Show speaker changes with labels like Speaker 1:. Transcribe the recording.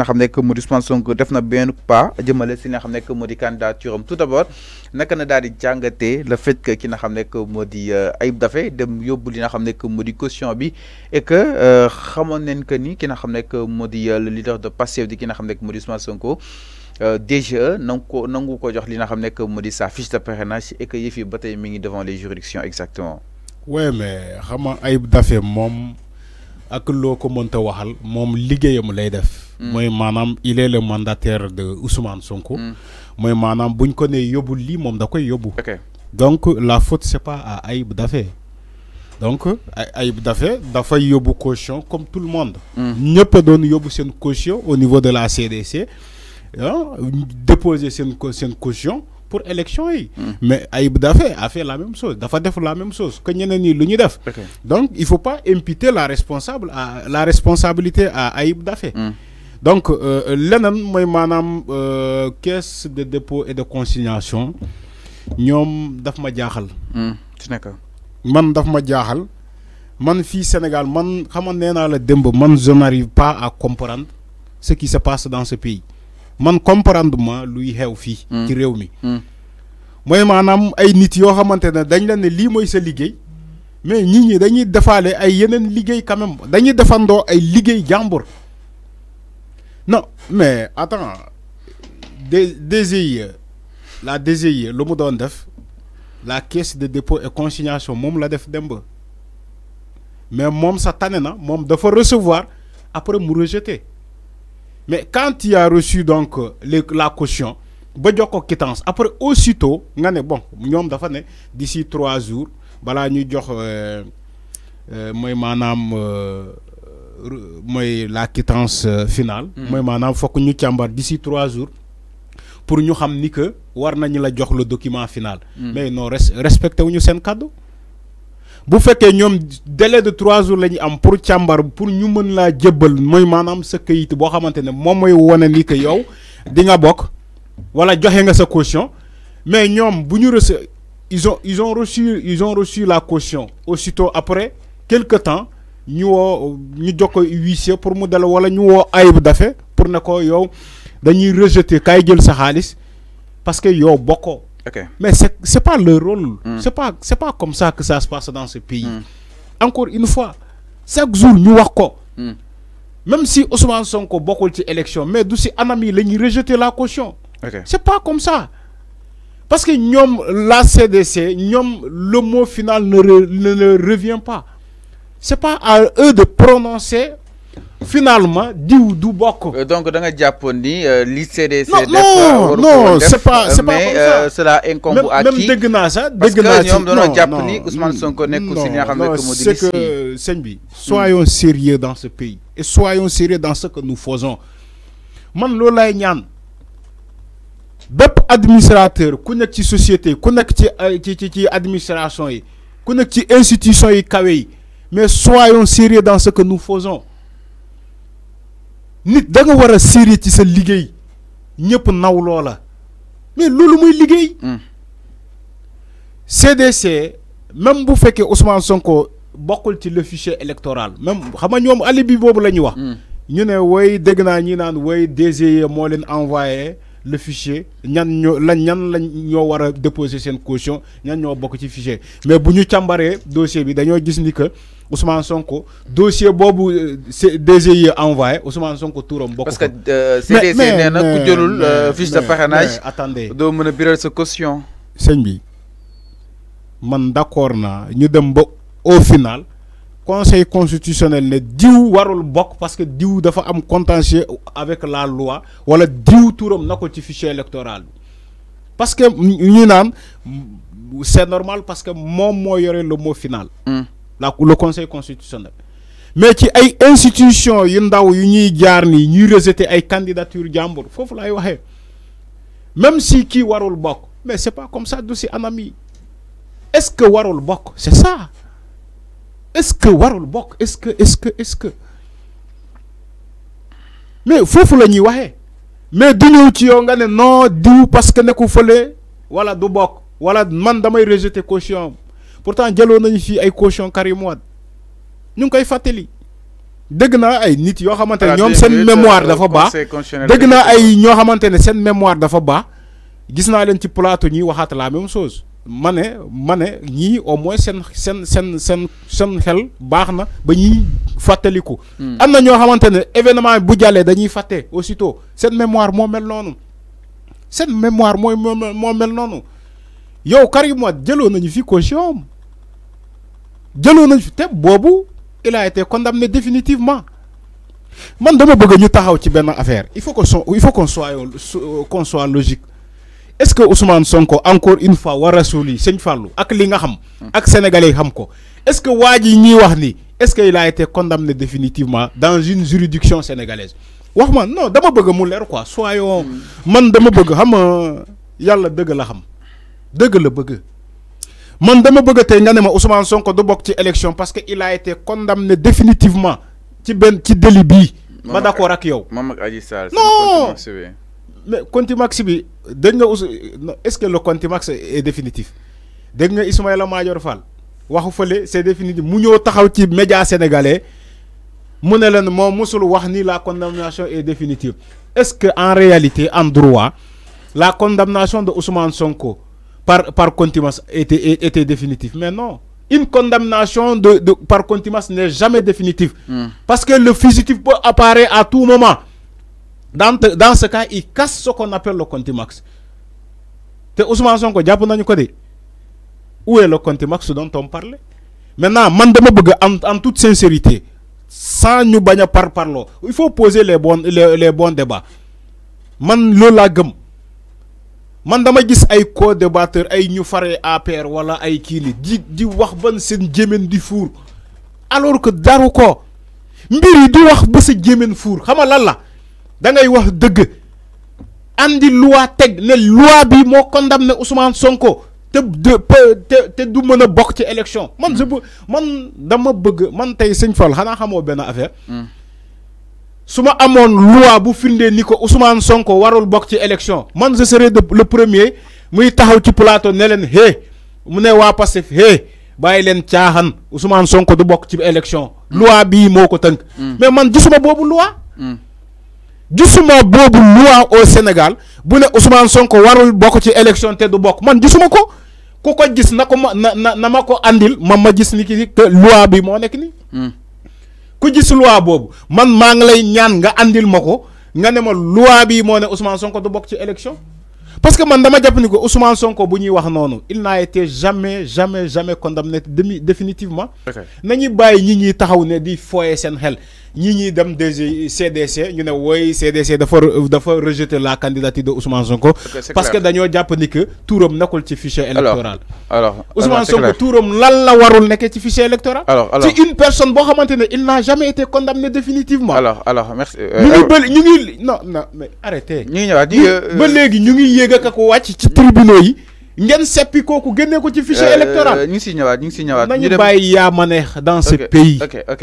Speaker 1: nga xam nekk que pas jëmale si nga xam tout d'abord naka na daal di le fait que ki nga xam nekk moo di euh, Ayib Daffé dem yóbbu li nga xam que moo caution bi et que ramon euh, nañ que ni ki nga xam euh, le leader de Pastef di ki nga xam nekk moo di Ousmane Sonko DGE nangu ko nangu ko jox li nga xam sa fiche de parrainage et que yëf yi ba tey mi ngi devant les juridictions exactement. ouais mais ramon nga Ayib Daffé ak loo ko waxal mom liggéeyam lay def. moy mm. manam il est le mandataire de Ousmane Sonko. moy mm. manam buñ ko nee yóbbul li mom da koy donc la faute c'est pas à Aïb Dafé. donc Dafé da fay yobou caution comme tout le monde. Mm. ñepp doon yobou une caution au niveau de la CDC ah, déposer une caution pour élection yi. Hmm. mais Ayib Dafé a fait la même chose dafa def la même chose que ñeneen ñi lu ñu def. donc il faut pas imputer la responsable à la responsabilité à Ayib Dafé. Hmm. donc euh, leneen mooy maanaam euh, caisse de dépôt et de consignation ñom daf ma jaaxal. Hmm. man daf ma jaaxal man fi Sénégal man xam nga dans le la man je n'arrive pas à comprendre ce qui se passe dans ce pays man comprendre ma luy xew suis hmm. ci rew mi. moy hmm. manam ay nit yo xamantene dañ la ne li moy sa mais nit ñi dañuy defale ay quand même ay non mais attends la je lu la caisse de dépôt et consignation mom la def mais mom sa na recevoir après mu rejeter mais quand il a reçu donc euh, les, la caution ba jox ko quittance après aussitôt nga ne bon ñoom dafa né d'ici trois jours balaa ñuy jox euh, euh, mooy maanaam mooy la quittance finale mm. mooy maanaam fokk ñu càmbar d'ici trois jours pour ñu xam ni que war nañu la jox le document final mm. mais non respecté wuñu seen kàddu bu fekkee ñoom délai de trois jours la ñu am pour càmbar pour ñu mën laa jëbbal mooy maanaam sa këyit boo xamante ne moom ni que yow di nga bokk wala nga sa caution mais ñoom bu ñu ils ont ils ont reçu ils ont reçu la caution aussitôt après quelque temps ñu ñu jox ko pour mu dala wala ñu pour ko yow dañuy rejeter jël sa parce que yow mais ce n'est pas leur rôle. Hmm. Ce n'est pas pas comme ça que ça se passe dans ce pays. Hmm. Encore une fois, chaque jour, nous avons hmm. Même si Ousmane Sonko beaucoup d'élections, mais d'où c'est Anami, ils rejeté la caution. Ce C'est pas comme ça. Parce que nous, la CDC, nous, le mot final ne, ne, ne revient pas. C'est pas à eux de prononcer finalement diw du bokk. Euh, donc da nga Japon, ni euh, li non non euh, c'est pas c'est pas mais cela incombe à qui même des naa sax dégg non, ci ni Ousmane mm, Sonko nek ci nga c'est que sëñ bi. soyons mm. sérieux dans ce pays. et soyons sérieux dans ce que nous faisons man loolu lay ñaan bépp administrateur ku nek ci société ku nek ci ci ci administration yi ku ci institution yi kawe yi mais soyons sérieux dans ce que nous faisons. nit da war a sérieux ci sa liggéey ñëpp naw loola mais loolu muy liggéey. CDC hmm. même bu fekkee Ousmane Sonko bokkul ci le fichier électoral même xam nga ñoom alibi boobu la ñuy wax. Hmm. ñu ne way dégg naa ñi naan way DGE moo leen envoyé. le fichier ñan ñoo lañ ñan lañ ñoo wara déposer sen caution ñan ñoo bokk ci fichier mais buñu chambaré dossier bi dañoo gis ni que Ousmane Sonko dossier boobu euh, DGI envoyé Ousmane Sonko tourom bokk parce que euh, CDC nee na ku jëlul euh, fiche de parrainage attendez doo mën a biral caution sëñ bi man d'accord na ñu dem ba au final conseil constitutionnel ne diou warul bokk parce que diou dafa am contentieux avec la loi wala diou turam nako ci fichier électoral parce que ñu c'est normal parce que mom mo yoré le mot final hmm. la le conseil constitutionnel mais ci ay institution yu ndaw yu ñuy jaar ni ñuy rejeter ay candidature jambour fofu lay même si ki warul bokk mais c'est pas comme ça du c'est un est-ce que warul bokk c'est ça est-ce que warul est-ce que est-ce que est-ce que mais fofu mais du ci nga non diw parce que wala du wala man damay rejeter caution pourtant jëloon nañu fii ay caution Karim wad ñu koy fateli deug na ay nit mémoire dafa ba deug na ay ño mémoire dafa ba gis na len ci plateau ñi waxat la même chose mané mané ñi au moins sen sen sen sen seen xel baxna ba ñi fàttaliku. Hmm. amna ño xamantene événement bu jàllee dañuy faté aussitôt cette mémoire mo mel nonu cette mémoire moy mo mel nonu yow Karim Wade jëloon nañu fi caution am nañu fi té bobu il a été condamné définitivement man dama bëgg ñu taxaw ci ben affaire il faut que il faut qu'on soit euh, euh, qu'on soit logique est-ce que Ousmane Sonko encore une fois war a Seigne yi Fallou ak li nga xam. ak sénégalais xam ko est-ce que waji ñi wax ni est-ce qu'il a été condamné définitivement dans une juridiction sénégalaise wax ma non dama bëgg mu leer quoi soyons man dama bëgg xam yalla deug la xam deug la bëgg. man dama bëgg tay nga ne ma Ousmane Sonko du bok ci élection parce que il a été condamné définitivement ci ben ci délit bi ma d'accord ak yow. non mais bi deug nga est-ce que le max est définitif deug nga Ismaïla Madior Fall waxu c'est définitif mu ñëw taxaw ci médias sénégalais mu ne leen que wax ni la condamnation est définitive est-ce que en réalité en droit la condamnation de Ousmane Sonko par par max était était définitive mais non une condamnation de de par Contimax n'est jamais définitive. Hmm. parce que le fugitif peut apparaître à tout moment dans dans ce cas il casse ce qu'on appelle le max. te Ousmane Sonko jàpp nañu ko de où est le max dont on parlait maintenant man dama en en toute sincérité sans ñu bañ par parlo, il faut poser les bons les les bons débats man le lagum, gëm man dama gis ay co-débatteur ay ñu faré APR wala ay kii li di di wax ban seen jéemén di four alors que daru ko mbir di wax ba sa jéemén fuur lan la dangay wax deug andi loi teg ne loi bi mo condamné Ousmane Sonko te te te du meuna bok ci élection. man je man dama bëgg man tey Seigne Fall xana xamo ben affaire. Hmm. su ma loi bu findé ni ko Ousmane Sonko warul bok ci élection man je serai le premier muy taxaw ci plateau ne leen hé mu ne wa passif hé bàyyi leen caaxaan Ousmane Sonko du bokk ci élection. Hmm. loi bii moo ko tënk. Hmm. mais man gisuma boobu loi gisuma bobu loi au Sénégal bu ne Ousmane Sonko warul bok ci élection te du bok man gisuma ko ku ko gis na ko na na ma ko andil ma ma gis ni ki que loi bi mo nek ni hmm. ku gis loi bobu man maa ngi lay ñaan nga andil ma ko nga ne ma loi bi mo ne Ousmane Sonko du bok ci élection. parce que man dama japp ni ko Ousmane Sonko bu ñuy wax noonu il n'a été jamais jamais jamais condamné définitivement. nañu bàyyi ñi ñuy taxaw ne di foyee sen xel. Nous avons dem CDC nous CDC rejeter la candidature de Ousmane Sonko. parce que nous avons dit que n'a pas ci fichier électoral. Ousmane Sonko tout lan la warul pas fichier électoral. une personne il n'a jamais été condamné définitivement. alors alors merci. Euh, non non mais arrêtez. Nous, nous ñëwaat ba nous, ñu ngi euh, ak ko ci Nous, yi. fichier euh, électoral. Nous, dans ce pays. ok